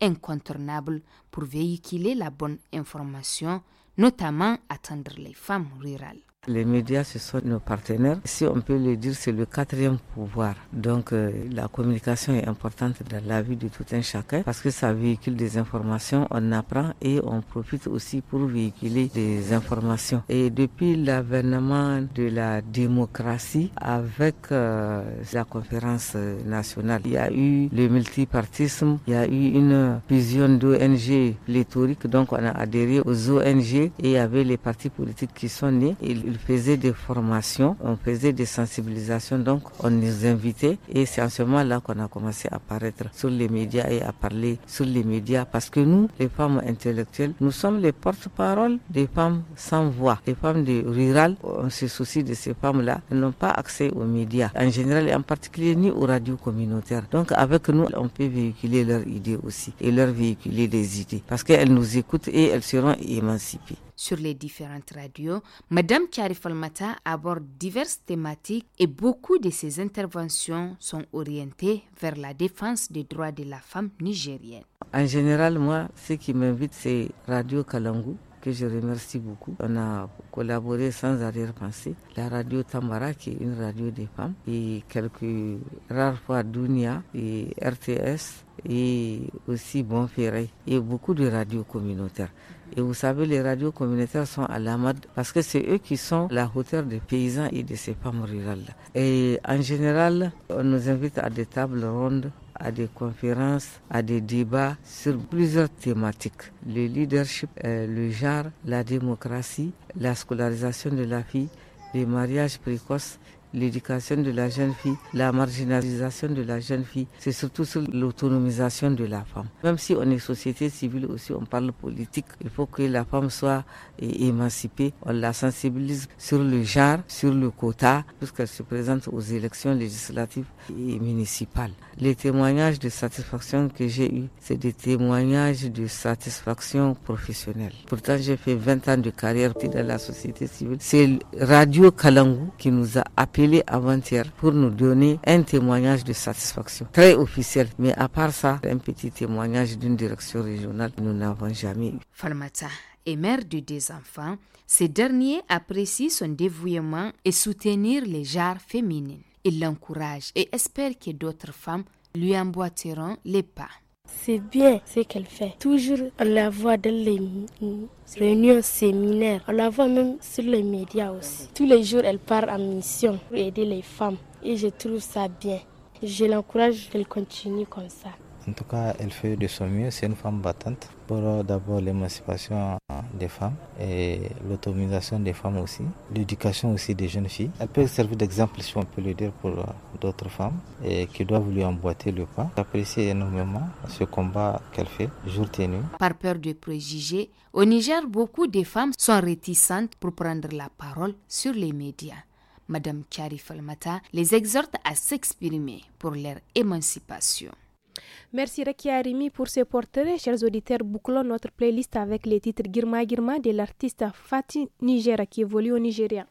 incontournables pour véhiculer la bonne information, notamment atteindre les femmes rurales. Les médias, ce sont nos partenaires. Si on peut le dire, c'est le quatrième pouvoir. Donc euh, la communication est importante dans la vie de tout un chacun parce que ça véhicule des informations, on apprend et on profite aussi pour véhiculer des informations. Et depuis l'avènement de la démocratie avec euh, la conférence nationale, il y a eu le multipartisme, il y a eu une fusion d'ONG pléthorique, donc on a adhéré aux ONG et il y avait les partis politiques qui sont nés. Et ils des formations, on faisait des sensibilisations, donc on les invitait. Et c'est en ce moment-là qu'on a commencé à apparaître sur les médias et à parler sur les médias. Parce que nous, les femmes intellectuelles, nous sommes les porte-parole des femmes sans voix, les femmes de rurales. On se soucie de ces femmes-là. Elles n'ont pas accès aux médias, en général et en particulier ni aux radios communautaires. Donc avec nous, on peut véhiculer leurs idées aussi et leur véhiculer des idées. Parce qu'elles nous écoutent et elles seront émancipées sur les différentes radios, Madame Falmata aborde diverses thématiques et beaucoup de ses interventions sont orientées vers la défense des droits de la femme nigérienne. En général, moi, ce qui m'invite, c'est Radio Kalangu que je remercie beaucoup. On a collaboré sans arrière-pensée. La radio Tamara, qui est une radio des femmes, et quelques rares fois Dunia et RTS et aussi Bonferré et beaucoup de radios communautaires. Et vous savez, les radios communautaires sont à la mode parce que c'est eux qui sont la hauteur des paysans et de ces femmes rurales. Et en général, on nous invite à des tables rondes à des conférences, à des débats sur plusieurs thématiques. Le leadership, euh, le genre, la démocratie, la scolarisation de la fille, les mariages précoces l'éducation de la jeune fille, la marginalisation de la jeune fille, c'est surtout sur l'autonomisation de la femme. Même si on est société civile aussi, on parle politique, il faut que la femme soit émancipée. On la sensibilise sur le genre, sur le quota, puisqu'elle se présente aux élections législatives et municipales. Les témoignages de satisfaction que j'ai eus, c'est des témoignages de satisfaction professionnelle. Pourtant, j'ai fait 20 ans de carrière dans la société civile. C'est Radio Kalangu qui nous a appelés avant-hier pour nous donner un témoignage de satisfaction, très officiel. Mais à part ça, un petit témoignage d'une direction régionale, nous n'avons jamais eu. Falmata est mère de deux enfants. Ces derniers apprécient son dévouement et soutenir les jarres féminines. Il l'encourage et espère que d'autres femmes lui emboîteront les pas. C'est bien ce qu'elle fait. Toujours, on la voit dans les réunions séminaires. On la voit même sur les médias aussi. Tous les jours, elle part en mission pour aider les femmes. Et je trouve ça bien. Je l'encourage qu'elle continue comme ça. En tout cas, elle fait de son mieux. C'est une femme battante pour euh, d'abord l'émancipation euh, des femmes et l'autonomisation des femmes aussi, l'éducation aussi des jeunes filles. Elle peut servir d'exemple, si on peut le dire, pour euh, d'autres femmes et qui doivent lui emboîter le pas. J'apprécie énormément ce combat qu'elle fait, jour et nuit. Par peur de préjugés, au Niger, beaucoup de femmes sont réticentes pour prendre la parole sur les médias. Madame Kari Falmata les exhorte à s'exprimer pour leur émancipation. Merci Rekia Arimi pour ce portrait. Chers auditeurs, bouclons notre playlist avec les titres Girma Girma de l'artiste Fati Niger qui évolue au Nigeria.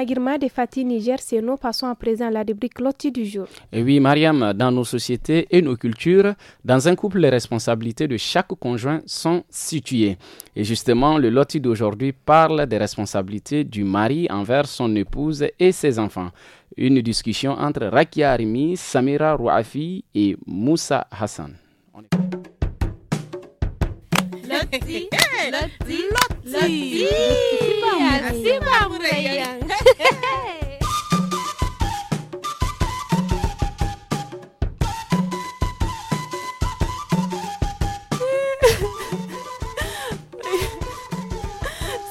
Agirma de Fatih Niger, c'est nous. Passons à présent à la rubrique Loti du jour. oui, Mariam, dans nos sociétés et nos cultures, dans un couple, les responsabilités de chaque conjoint sont situées. Et justement, le Loti d'aujourd'hui parle des responsabilités du mari envers son épouse et ses enfants. Une discussion entre Rakia Arimi, Samira Rouafi et Moussa Hassan. Lotzi. Lotzi. Lotzi. Así vamos, Reyyan.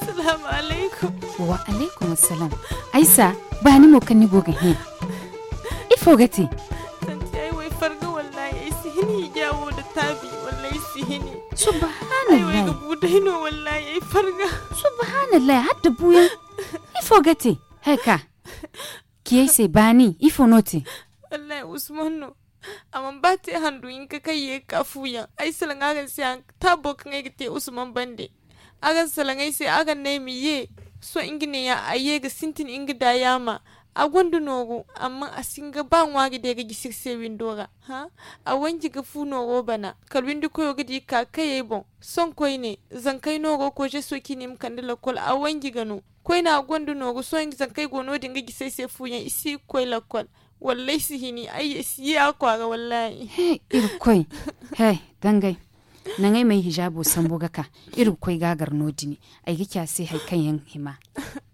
السلام عليكم وعليكم السلام عيسى باني مو كني بوغهين إيه فوقتي تنتي أيوة يفرقوا والله عيسى هني يجاو للتابي subhanallah ai ga budaino wallahi ai farga subhanallah hadda buya ifo gate heka kiyai sai bani ifo note wallahi usmanu amman ba ta handu in ka kai ya kafuya ai salan agan sai an tabo kan ai te usman bande agan salan ai sai agan ne mi ye so ingine ya aye ga sintin ingi da yama a gwandu noogo amma a singa ba ŋwaari ya gi sirse windora ha a wanji ga fu nooro bana kalbin windi koyo gidi ka kaye bon son ne zan kai noro ko je soki nim kandi lakol a wanji gano koi na a gondu son son kai gono dinga gi sirse fu yan isi koy lakol wallahi sihini ai si ya kwara wallahi he irkoi he dangai nangai mai hijabu sambo gaka irkoi gagar nodini ai gikya sai hai kan yan hima (laughs)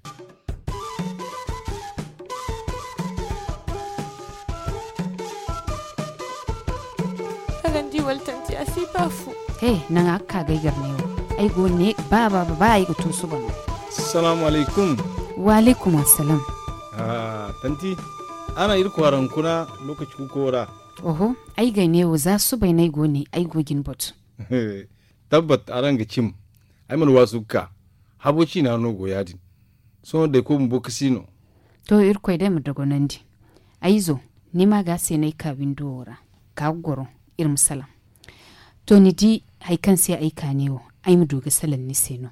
waltan ti asiba fu he eh, nan akka gai garne ai go ne ba ba ba ba ai to su ban assalamu alaikum wa alaikum assalam ah tanti ana ir kwaran kuna lokaci ku kora oho ai gai ne wa za su bai nai go ne ai go gin bot (laughs) tabbat aran ga cim ai man wasu ka haboci na no go yadin so da ko mu bokasino to ir dai mu dago nan di aizo ma ga sai nai ka windo wora ka gwaro irin salam to ni di haikansi ya aika newo ai mu doga salan ni seno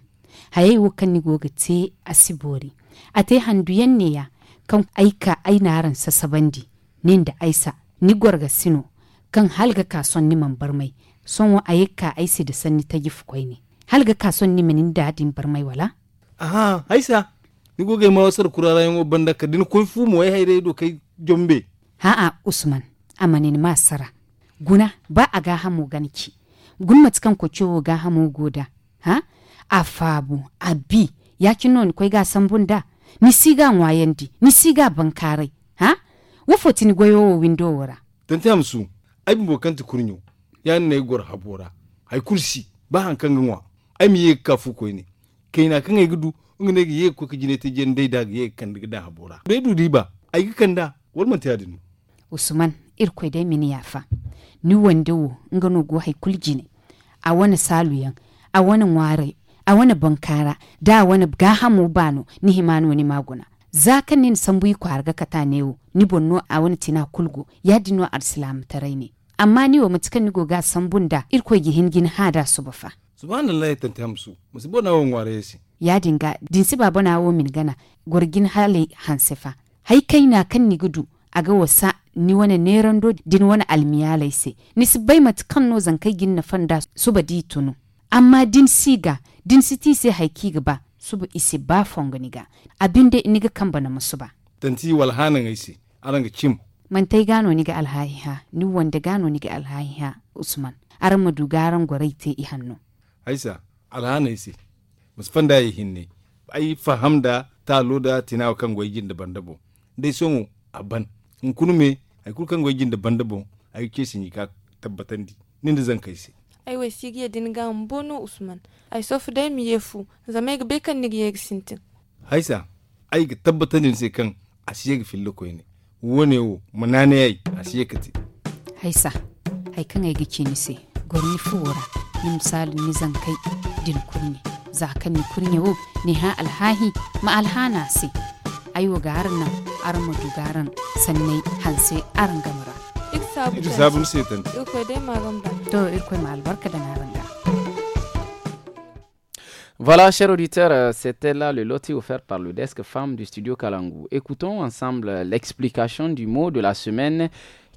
hayai wo kan ni goga te asibori ate handu yanne ya kan aika na ran sabandi nin da aisa ni gorga sino kan halga kason ni man barmai son wa ka aisi da sanni ta gifu kwai ne halga kason ni min da bar barmai wala aha aisa ni goge ma wasar kurara yan oban da ka din kun fu mu wai haire do kai jombe ha a usman amane ni masara guna ba a ga hamu ganki gummat kan ko ciwo ga hamo goda ha a fabu a bi ya kino ni koi ga da ni siga ngwayandi ni siga bankare ha wo ni goyo wo window wora ta musu ai bokan kanta kurnyo ya ne gor habora ai kursi ba hankan ganwa ai mi ye kafu koi ne kaina kan ai gudu ngene ye ko ka jine te jen dai da ye kan da habora dai du ba ai kan da wal man ta usman irkoi dai mini yafa ni wandewo ngano go hay ne a wani saluyan a wani ware a wani bankara da wani mu bano ni himano ni maguna ka nin bui ko harga kata newo ni bonno a wani tina kulgo yadino arsilam taraini amma ni wa mutukan ni goga san da irko gihin gin hada su bafa subhanallah ya tanta musu musu bona won ware yasi ya dinga din baba na wo min gana gurgin hale hansefa hai kai na kan ni gudu a ga wasa ni wani nerando din wani almiyalai se ni si bai mati kan no zan kai ginna fanda su ba di tunu amma din siga din siti se haiki ga ba su ba isi ba fonga niga abin da ga kan bana musu ba tanti wal hanan aran ga cim man tai gano niga alhaiha ni wanda gano niga alhaiha usman aran garan gwarai te i hannu aisa alhana isi musfan yi hinne ai fahamda da ta loda tinawa kan gwaigin da bandabo dai so mu aban in kunume ai kulkan goygin da banda bon ai ke yi ka tabbatan di nin da zan kai sai ai wai sigi ya dinga bono usman ai sofu dai mi yefu zama ga kan ni ga sintin haisa ai ga tabbatan din sai kan asiye ga fillo koyi ne wone wo yai a asiye ka ti haisa ai kan ai ga kini sai gorni fuwara ni misali ni zan kai din kunni kan ni kunni wo ni ha alhahi ma alhana sai Voilà, chers auditeurs, euh, c'était là le loti offert par le desk femme du studio Kalangu. Écoutons ensemble l'explication du mot de la semaine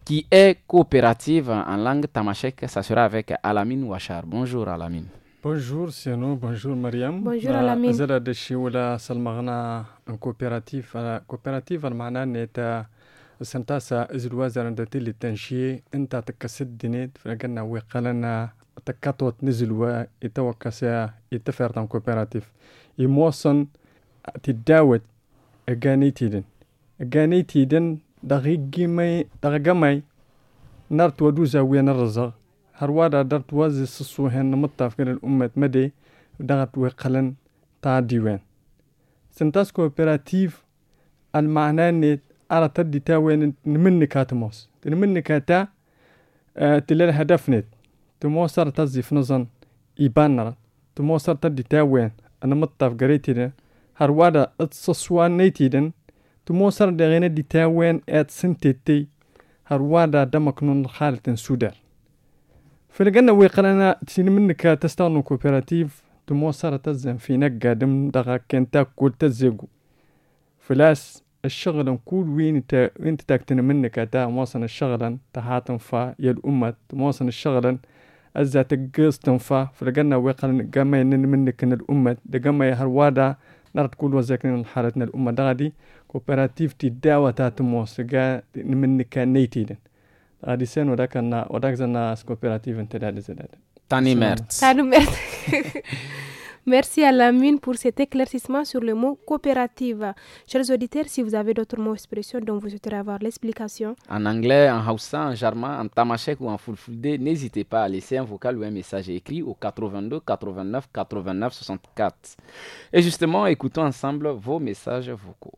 qui est coopérative en langue tamashek. Ça sera avec Alamine Wachar. Bonjour Alamine. Bonjour Siano, bonjour Mariam. Bonjour euh, Alamine. زاد دشي ولا سلمغنا ان كوبيراتيف كوبيراتيف المعنى نتا سنتاسا ازلوا زرندتي للتنشي انت تكسد دينيت فلقنا ويقالنا تكاتوت نزلوا يتوكسا يتفر تام كوبيراتيف يموصن تداوت اغاني تيدن اغاني تيدن دغيقمي دغيقمي نار تودو زاوية نرزغ harwada dart wazi sasuhen namutafgaran ummad made dagad we qalan taa diiwaan sentas cooperative almacnaaneed arataditaa weenen niminnikaa tumoos tiniminnikaataa tilel hadafneed tumoosar ta zifnozan ibanara tumoosar ta ditaa ween anamutafgaraytiden harwada ad saswaanaytiden tumoosar dheqena ditaa ween ead sintetey harwada damaknun khaaliten sudar فلقنا ويقرنا تين منك تستانو كوبيراتيف دمو سارة تزن في نقا دم دغا كان تاكل تزيقو فلاس الشغل كل وين تا انت تاكتن منك تا موصن الشغل تهاتن فا يا الأمة موصن الشغل أزا تقص تنفا فلقنا ويقرن قاما ينن منك ان الأمة دقاما يهروادا نرد كل وزاكنا حالتنا الأمة دي كوبيراتيف تي داوة تموصن قا منك نيتيدن adisen (laughs) Merci à la mine pour cet éclaircissement sur le mot coopérative. Chers auditeurs, si vous avez d'autres mots expressions dont vous souhaiterez avoir l'explication. En anglais, en haoussa, en jarma, en tamashek ou en fulfulde, n'hésitez pas à laisser un vocal ou un message écrit au 82 89 89 64. Et justement, écoutons ensemble vos messages vocaux.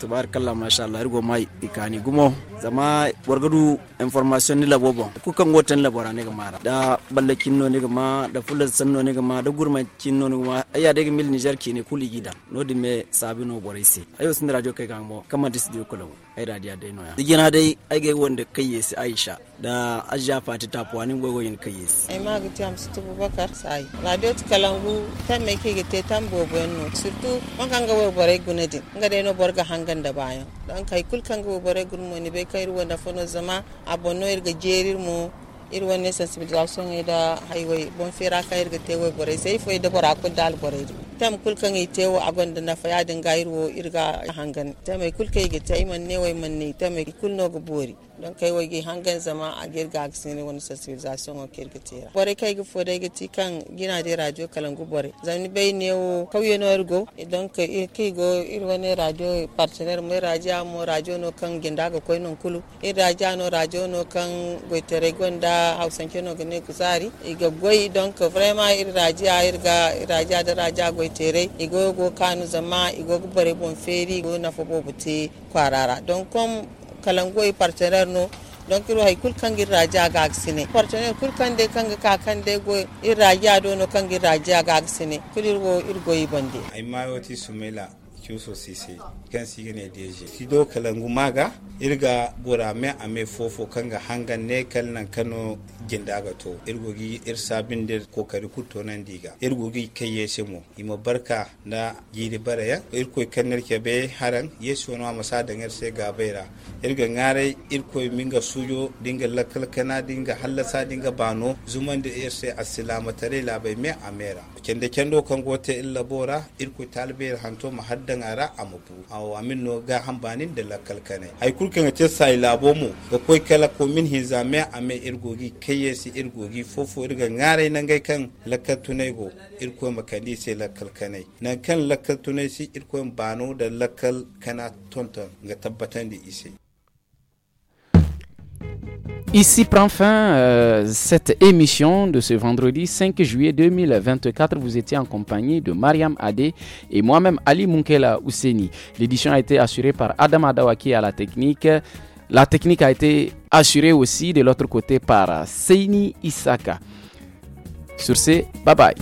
tabarakallah masha Allah rigo mai ikani gumo zama wargadu information ni labo bon ku kan wotan labora ne mara da ballakin no ne ma da fulan san no ga ma da gurma kin ne gama aya daga mil Niger ki ne kuli gida no di me sabino gore borisi ayo sin radio kai gambo kama dis di kulawo ai radiya dai noya digina dai ai ga wanda kai yesi aisha da ajiya fati tapuwa ni gogo yin kai yesi ai ma gati musu tubu bakar sai radio kalangu ta mai ke gite tan bobo no surtu on kan ga wabarai guna din nga dai no borga hangan da bayan dan kai kul kan ga wabarai guna gun mo ni kai ruwa da fono zama abono ga jerir mo ir wani sensibilisation yi da haiwai bon fera ka irga tewo bore sai foi da bora ko dal bore tam kulkan e tewo agon da na faya dinga irwo irga hangan tam kulkan e ga tay man ne wai man ne tam kulno go bori don kai wagi hangen zama a girga aksini wani sensibilisation a kirkitera. bore kai ga fodai giti kan gina de radio kalangu bore zani bai ne o kauye na ergo don kai kai go ir wani radio partner mai radio mu radio no kan ginda ga koi non kulu ir radio no radio no kan goitere gonda hausan ke no gane kusari iga goi don ka vrema ir radio ir ga radio da radio goitere igo go kanu zama igo bare bon feri go na fobo bobute kwarara don kom kalangoy partenaire no donc iro hay kul kangi raja gag sine partenaire kul kande kangi ka kande go ir raja do no kangi raja gag sine kulir go ir go ibande ay mayoti sumela kiuso sise kan sigine deje tido kalangu maga irga bora me ame fofo ga hanga ne nan kano ga to irgogi ir sabin der kokari kutto nan diga irgogi kai yese mu ima barka na yiri ya irko kanar ke be haran yesu no masa da ngar se ga baira irga ngare irko minga suyo dinga lakal kana dinga hallasa dinga bano zuman da er yese assalamu tare labai me amera kende kendo kango te illa bora irku talbe hanto ma ara amubu aw amin no ga hambanin da lakalkane kane ai kurkan te sai labo mu ga koi kala ko min hizame ame irgogi kayesi irgogi fofo irga ngare nan gai kan lakal tunai go irko makandi sai lakalkane nan kan lakal si irko bano da lakal kana tonton ga tabbatan da ise Ici prend fin euh, cette émission de ce vendredi 5 juillet 2024. Vous étiez en compagnie de Mariam Adé et moi-même Ali Munkela Ouseni. L'édition a été assurée par Adam Adawaki à la technique. La technique a été assurée aussi de l'autre côté par Seini Isaka. Sur ce, bye bye.